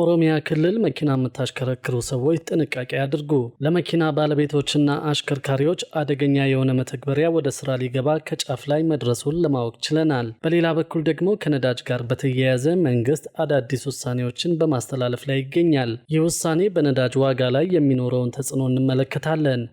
ኦሮሚያ ክልል መኪና የምታሽከረክሩ ሰዎች ጥንቃቄ አድርጉ። ለመኪና ባለቤቶችና አሽከርካሪዎች አደገኛ የሆነ መተግበሪያ ወደ ስራ ሊገባ ከጫፍ ላይ መድረሱን ለማወቅ ችለናል። በሌላ በኩል ደግሞ ከነዳጅ ጋር በተያያዘ መንግስት አዳዲስ ውሳኔዎችን በማስተላለፍ ላይ ይገኛል። ይህ ውሳኔ በነዳጅ ዋጋ ላይ የሚኖረውን ተጽዕኖ እንመለከታለን።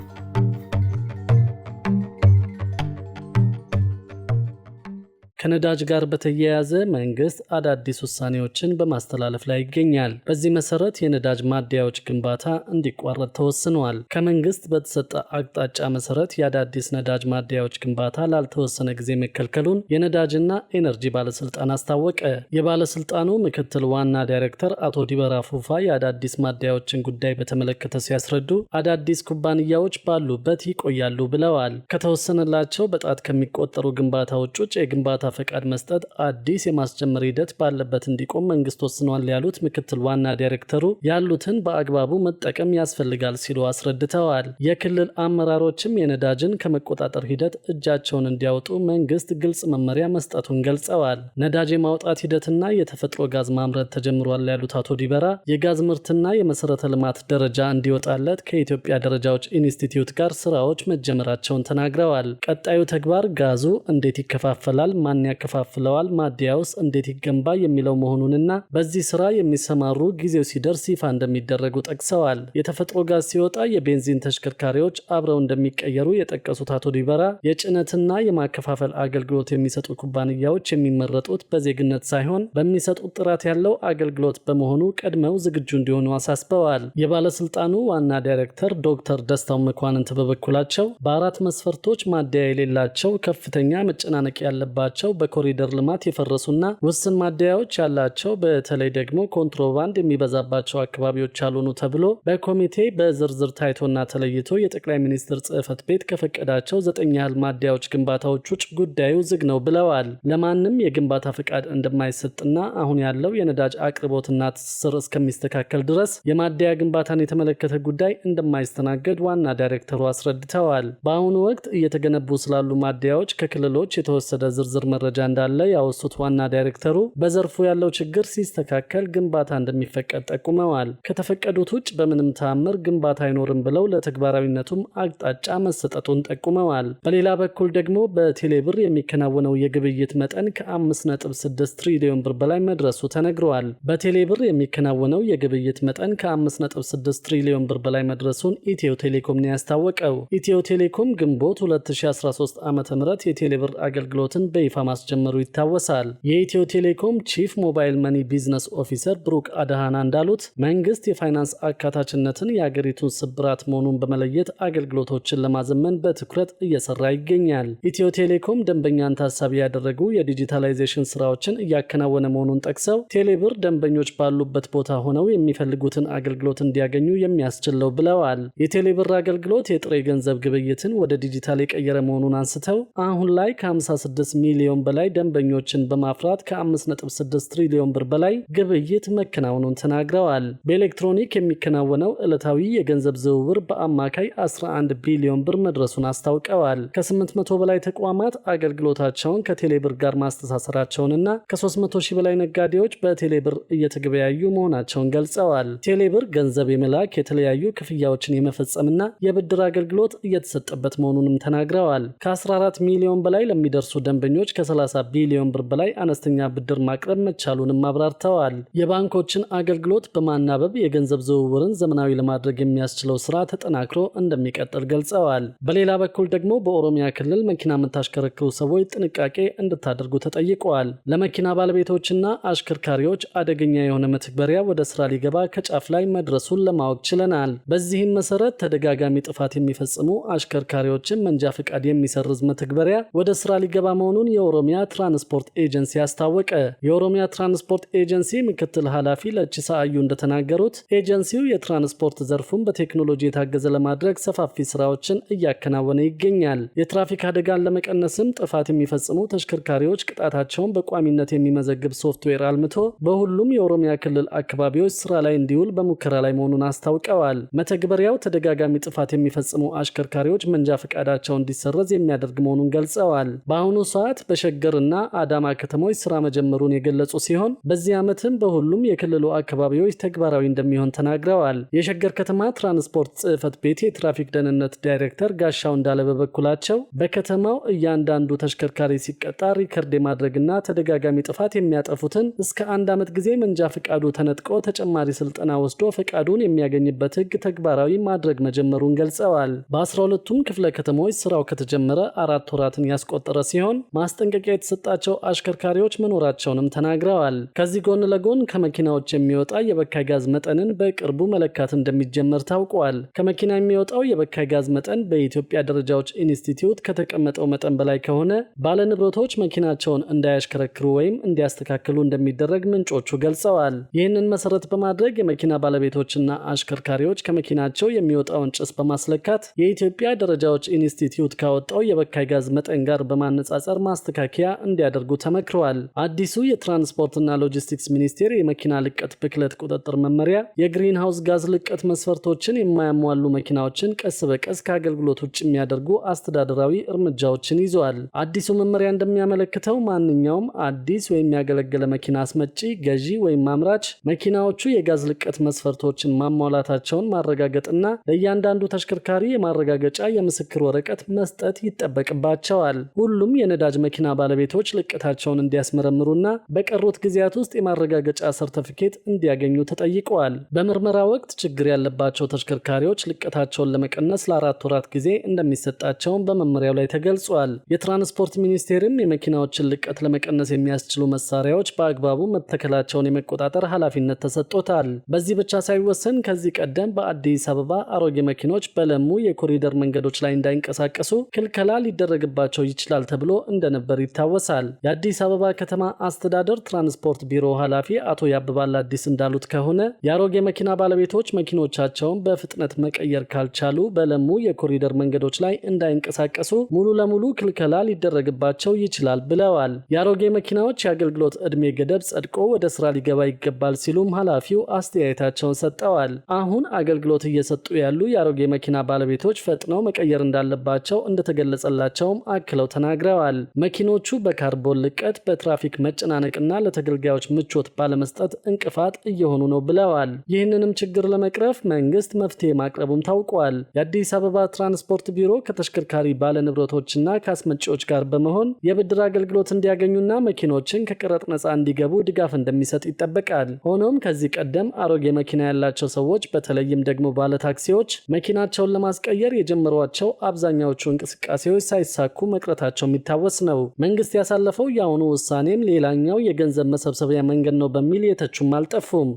ከነዳጅ ጋር በተያያዘ መንግስት አዳዲስ ውሳኔዎችን በማስተላለፍ ላይ ይገኛል። በዚህ መሰረት የነዳጅ ማደያዎች ግንባታ እንዲቋረጥ ተወስኗል። ከመንግስት በተሰጠ አቅጣጫ መሰረት የአዳዲስ ነዳጅ ማደያዎች ግንባታ ላልተወሰነ ጊዜ መከልከሉን የነዳጅና ኤነርጂ ባለስልጣን አስታወቀ። የባለስልጣኑ ምክትል ዋና ዳይሬክተር አቶ ዲበራ ፉፋ የአዳዲስ ማደያዎችን ጉዳይ በተመለከተ ሲያስረዱ አዳዲስ ኩባንያዎች ባሉበት ይቆያሉ ብለዋል። ከተወሰነላቸው በጣት ከሚቆጠሩ ግንባታዎች ውጭ የግንባታ ፈቃድ መስጠት አዲስ የማስጀመር ሂደት ባለበት እንዲቆም መንግስት ወስኗል ያሉት ምክትል ዋና ዳይሬክተሩ ያሉትን በአግባቡ መጠቀም ያስፈልጋል ሲሉ አስረድተዋል። የክልል አመራሮችም የነዳጅን ከመቆጣጠር ሂደት እጃቸውን እንዲያወጡ መንግስት ግልጽ መመሪያ መስጠቱን ገልጸዋል። ነዳጅ የማውጣት ሂደትና የተፈጥሮ ጋዝ ማምረት ተጀምሯል ያሉት አቶ ዲበራ የጋዝ ምርትና የመሰረተ ልማት ደረጃ እንዲወጣለት ከኢትዮጵያ ደረጃዎች ኢንስቲትዩት ጋር ስራዎች መጀመራቸውን ተናግረዋል። ቀጣዩ ተግባር ጋዙ እንዴት ይከፋፈላል ማን ማን ያከፋፍለዋል፣ ማደያውስ እንዴት ይገንባ የሚለው መሆኑንና በዚህ ስራ የሚሰማሩ ጊዜው ሲደርስ ይፋ እንደሚደረጉ ጠቅሰዋል። የተፈጥሮ ጋዝ ሲወጣ የቤንዚን ተሽከርካሪዎች አብረው እንደሚቀየሩ የጠቀሱት አቶ ዲበራ የጭነትና የማከፋፈል አገልግሎት የሚሰጡ ኩባንያዎች የሚመረጡት በዜግነት ሳይሆን በሚሰጡት ጥራት ያለው አገልግሎት በመሆኑ ቀድመው ዝግጁ እንዲሆኑ አሳስበዋል። የባለስልጣኑ ዋና ዳይሬክተር ዶክተር ደስታው መኳንንት በበኩላቸው በአራት መስፈርቶች ማደያ የሌላቸው ከፍተኛ መጨናነቅ ያለባቸው ያላቸው በኮሪደር ልማት የፈረሱና ውስን ማደያዎች ያላቸው በተለይ ደግሞ ኮንትሮባንድ የሚበዛባቸው አካባቢዎች ያልሆኑ ተብሎ በኮሚቴ በዝርዝር ታይቶና ተለይቶ የጠቅላይ ሚኒስትር ጽህፈት ቤት ከፈቀዳቸው ዘጠኝ ያህል ማደያዎች ግንባታዎች ውጭ ጉዳዩ ዝግ ነው ብለዋል። ለማንም የግንባታ ፈቃድ እንደማይሰጥና አሁን ያለው የነዳጅ አቅርቦትና ትስስር እስከሚስተካከል ድረስ የማደያ ግንባታን የተመለከተ ጉዳይ እንደማይስተናገድ ዋና ዳይሬክተሩ አስረድተዋል። በአሁኑ ወቅት እየተገነቡ ስላሉ ማደያዎች ከክልሎች የተወሰደ ዝርዝር መረጃ እንዳለ ያወሱት ዋና ዳይሬክተሩ በዘርፉ ያለው ችግር ሲስተካከል ግንባታ እንደሚፈቀድ ጠቁመዋል። ከተፈቀዱት ውጭ በምንም ተአምር ግንባታ አይኖርም ብለው ለተግባራዊነቱም አቅጣጫ መሰጠቱን ጠቁመዋል። በሌላ በኩል ደግሞ በቴሌብር የሚከናወነው የግብይት መጠን ከ5.6 ትሪሊዮን ብር በላይ መድረሱ ተነግረዋል። በቴሌብር የሚከናወነው የግብይት መጠን ከ5.6 ትሪሊዮን ብር በላይ መድረሱን ኢትዮ ቴሌኮም ነው ያስታወቀው። ኢትዮ ቴሌኮም ግንቦት 2013 ዓ ም የቴሌብር አገልግሎትን በይፋ ማስጀመሩ ይታወሳል። የኢትዮ ቴሌኮም ቺፍ ሞባይል መኒ ቢዝነስ ኦፊሰር ብሩክ አድሃና እንዳሉት መንግስት የፋይናንስ አካታችነትን የአገሪቱን ስብራት መሆኑን በመለየት አገልግሎቶችን ለማዘመን በትኩረት እየሰራ ይገኛል። ኢትዮ ቴሌኮም ደንበኛን ታሳቢ ያደረጉ የዲጂታላይዜሽን ስራዎችን እያከናወነ መሆኑን ጠቅሰው ቴሌብር ደንበኞች ባሉበት ቦታ ሆነው የሚፈልጉትን አገልግሎት እንዲያገኙ የሚያስችለው ብለዋል። የቴሌብር አገልግሎት የጥሬ ገንዘብ ግብይትን ወደ ዲጂታል የቀየረ መሆኑን አንስተው አሁን ላይ ከ56 ሚሊዮን ትሪሊዮን በላይ ደንበኞችን በማፍራት ከ5.6 ትሪሊዮን ብር በላይ ግብይት መከናወኑን ተናግረዋል። በኤሌክትሮኒክ የሚከናወነው ዕለታዊ የገንዘብ ዝውውር በአማካይ 11 ቢሊዮን ብር መድረሱን አስታውቀዋል። ከ800 በላይ ተቋማት አገልግሎታቸውን ከቴሌብር ጋር ማስተሳሰራቸውንና ከ300 ሺህ በላይ ነጋዴዎች በቴሌብር እየተገበያዩ መሆናቸውን ገልጸዋል። ቴሌብር ገንዘብ የመላክ የተለያዩ ክፍያዎችን የመፈጸምና የብድር አገልግሎት እየተሰጠበት መሆኑንም ተናግረዋል። ከ14 ሚሊዮን በላይ ለሚደርሱ ደንበኞች ከ30 ቢሊዮን ብር በላይ አነስተኛ ብድር ማቅረብ መቻሉንም አብራርተዋል። የባንኮችን አገልግሎት በማናበብ የገንዘብ ዝውውርን ዘመናዊ ለማድረግ የሚያስችለው ስራ ተጠናክሮ እንደሚቀጥል ገልጸዋል። በሌላ በኩል ደግሞ በኦሮሚያ ክልል መኪና የምታሽከረክሩ ሰዎች ጥንቃቄ እንድታደርጉ ተጠይቀዋል። ለመኪና ባለቤቶችና አሽከርካሪዎች አደገኛ የሆነ መተግበሪያ ወደ ስራ ሊገባ ከጫፍ ላይ መድረሱን ለማወቅ ችለናል። በዚህም መሰረት ተደጋጋሚ ጥፋት የሚፈጽሙ አሽከርካሪዎችን መንጃ ፈቃድ የሚሰርዝ መተግበሪያ ወደ ስራ ሊገባ መሆኑን የኦሮሚያ ትራንስፖርት ኤጀንሲ አስታወቀ። የኦሮሚያ ትራንስፖርት ኤጀንሲ ምክትል ኃላፊ ለቺሳ አዩ እንደተናገሩት ኤጀንሲው የትራንስፖርት ዘርፉን በቴክኖሎጂ የታገዘ ለማድረግ ሰፋፊ ስራዎችን እያከናወነ ይገኛል። የትራፊክ አደጋን ለመቀነስም ጥፋት የሚፈጽሙ ተሽከርካሪዎች ቅጣታቸውን በቋሚነት የሚመዘግብ ሶፍትዌር አልምቶ በሁሉም የኦሮሚያ ክልል አካባቢዎች ስራ ላይ እንዲውል በሙከራ ላይ መሆኑን አስታውቀዋል። መተግበሪያው ተደጋጋሚ ጥፋት የሚፈጽሙ አሽከርካሪዎች መንጃ ፈቃዳቸው እንዲሰረዝ የሚያደርግ መሆኑን ገልጸዋል። በአሁኑ ሰዓት በሸገርና አዳማ ከተሞች ስራ መጀመሩን የገለጹ ሲሆን በዚህ ዓመትም በሁሉም የክልሉ አካባቢዎች ተግባራዊ እንደሚሆን ተናግረዋል። የሸገር ከተማ ትራንስፖርት ጽህፈት ቤት የትራፊክ ደህንነት ዳይሬክተር ጋሻው እንዳለ በበኩላቸው በከተማው እያንዳንዱ ተሽከርካሪ ሲቀጣ ሪከርድ የማድረግና ተደጋጋሚ ጥፋት የሚያጠፉትን እስከ አንድ ዓመት ጊዜ መንጃ ፍቃዱ ተነጥቆ ተጨማሪ ስልጠና ወስዶ ፈቃዱን የሚያገኝበት ሕግ ተግባራዊ ማድረግ መጀመሩን ገልጸዋል። በ12ቱም ክፍለ ከተሞች ስራው ከተጀመረ አራት ወራትን ያስቆጠረ ሲሆን ማስጠ ማስጠንቀቂያ የተሰጣቸው አሽከርካሪዎች መኖራቸውንም ተናግረዋል። ከዚህ ጎን ለጎን ከመኪናዎች የሚወጣ የበካይ ጋዝ መጠንን በቅርቡ መለካት እንደሚጀመር ታውቋል። ከመኪና የሚወጣው የበካይ ጋዝ መጠን በኢትዮጵያ ደረጃዎች ኢንስቲትዩት ከተቀመጠው መጠን በላይ ከሆነ ባለንብረቶች መኪናቸውን እንዳያሽከረክሩ ወይም እንዲያስተካክሉ እንደሚደረግ ምንጮቹ ገልጸዋል። ይህንን መሰረት በማድረግ የመኪና ባለቤቶችና አሽከርካሪዎች ከመኪናቸው የሚወጣውን ጭስ በማስለካት የኢትዮጵያ ደረጃዎች ኢንስቲትዩት ካወጣው የበካይ ጋዝ መጠን ጋር በማነጻጸር ማስተካከል ማስተካከያ እንዲያደርጉ ተመክረዋል። አዲሱ የትራንስፖርትና ሎጂስቲክስ ሚኒስቴር የመኪና ልቀት ብክለት ቁጥጥር መመሪያ የግሪንሃውስ ጋዝ ልቀት መስፈርቶችን የማያሟሉ መኪናዎችን ቀስ በቀስ ከአገልግሎት ውጭ የሚያደርጉ አስተዳደራዊ እርምጃዎችን ይዘዋል። አዲሱ መመሪያ እንደሚያመለክተው ማንኛውም አዲስ ወይም ያገለገለ መኪና አስመጪ፣ ገዢ ወይም አምራች መኪናዎቹ የጋዝ ልቀት መስፈርቶችን ማሟላታቸውን ማረጋገጥና ለእያንዳንዱ ተሽከርካሪ የማረጋገጫ የምስክር ወረቀት መስጠት ይጠበቅባቸዋል። ሁሉም የነዳጅ መኪና ባለቤቶች ልቀታቸውን እንዲያስመረምሩና በቀሩት ጊዜያት ውስጥ የማረጋገጫ ሰርተፊኬት እንዲያገኙ ተጠይቀዋል። በምርመራ ወቅት ችግር ያለባቸው ተሽከርካሪዎች ልቀታቸውን ለመቀነስ ለአራት ወራት ጊዜ እንደሚሰጣቸውን በመመሪያው ላይ ተገልጿል። የትራንስፖርት ሚኒስቴርም የመኪናዎችን ልቀት ለመቀነስ የሚያስችሉ መሳሪያዎች በአግባቡ መተከላቸውን የመቆጣጠር ኃላፊነት ተሰጥቶታል። በዚህ ብቻ ሳይወሰን ከዚህ ቀደም በአዲስ አበባ አሮጌ መኪኖች በለሙ የኮሪደር መንገዶች ላይ እንዳይንቀሳቀሱ ክልከላ ሊደረግባቸው ይችላል ተብሎ እንደነበር እንደነበር ይታወሳል። የአዲስ አበባ ከተማ አስተዳደር ትራንስፖርት ቢሮ ኃላፊ አቶ ያብባል አዲስ እንዳሉት ከሆነ የአሮጌ መኪና ባለቤቶች መኪኖቻቸውን በፍጥነት መቀየር ካልቻሉ በለሙ የኮሪደር መንገዶች ላይ እንዳይንቀሳቀሱ ሙሉ ለሙሉ ክልከላ ሊደረግባቸው ይችላል ብለዋል። የአሮጌ መኪናዎች የአገልግሎት ዕድሜ ገደብ ጸድቆ ወደ ስራ ሊገባ ይገባል ሲሉም ኃላፊው አስተያየታቸውን ሰጠዋል። አሁን አገልግሎት እየሰጡ ያሉ የአሮጌ መኪና ባለቤቶች ፈጥነው መቀየር እንዳለባቸው እንደተገለጸላቸውም አክለው ተናግረዋል። መኪና መኪኖቹ በካርቦን ልቀት፣ በትራፊክ መጨናነቅና ለተገልጋዮች ምቾት ባለመስጠት እንቅፋት እየሆኑ ነው ብለዋል። ይህንንም ችግር ለመቅረፍ መንግስት መፍትሄ ማቅረቡም ታውቋል። የአዲስ አበባ ትራንስፖርት ቢሮ ከተሽከርካሪ ባለንብረቶችና ከአስመጪዎች ጋር በመሆን የብድር አገልግሎት እንዲያገኙና መኪኖችን ከቀረጥ ነጻ እንዲገቡ ድጋፍ እንደሚሰጥ ይጠበቃል። ሆኖም ከዚህ ቀደም አሮጌ መኪና ያላቸው ሰዎች በተለይም ደግሞ ባለታክሲዎች መኪናቸውን ለማስቀየር የጀመሯቸው አብዛኛዎቹ እንቅስቃሴዎች ሳይሳኩ መቅረታቸው የሚታወስ ነው። መንግስት ያሳለፈው የአሁኑ ውሳኔም ሌላኛው የገንዘብ መሰብሰቢያ መንገድ ነው በሚል የተቹም አልጠፉም።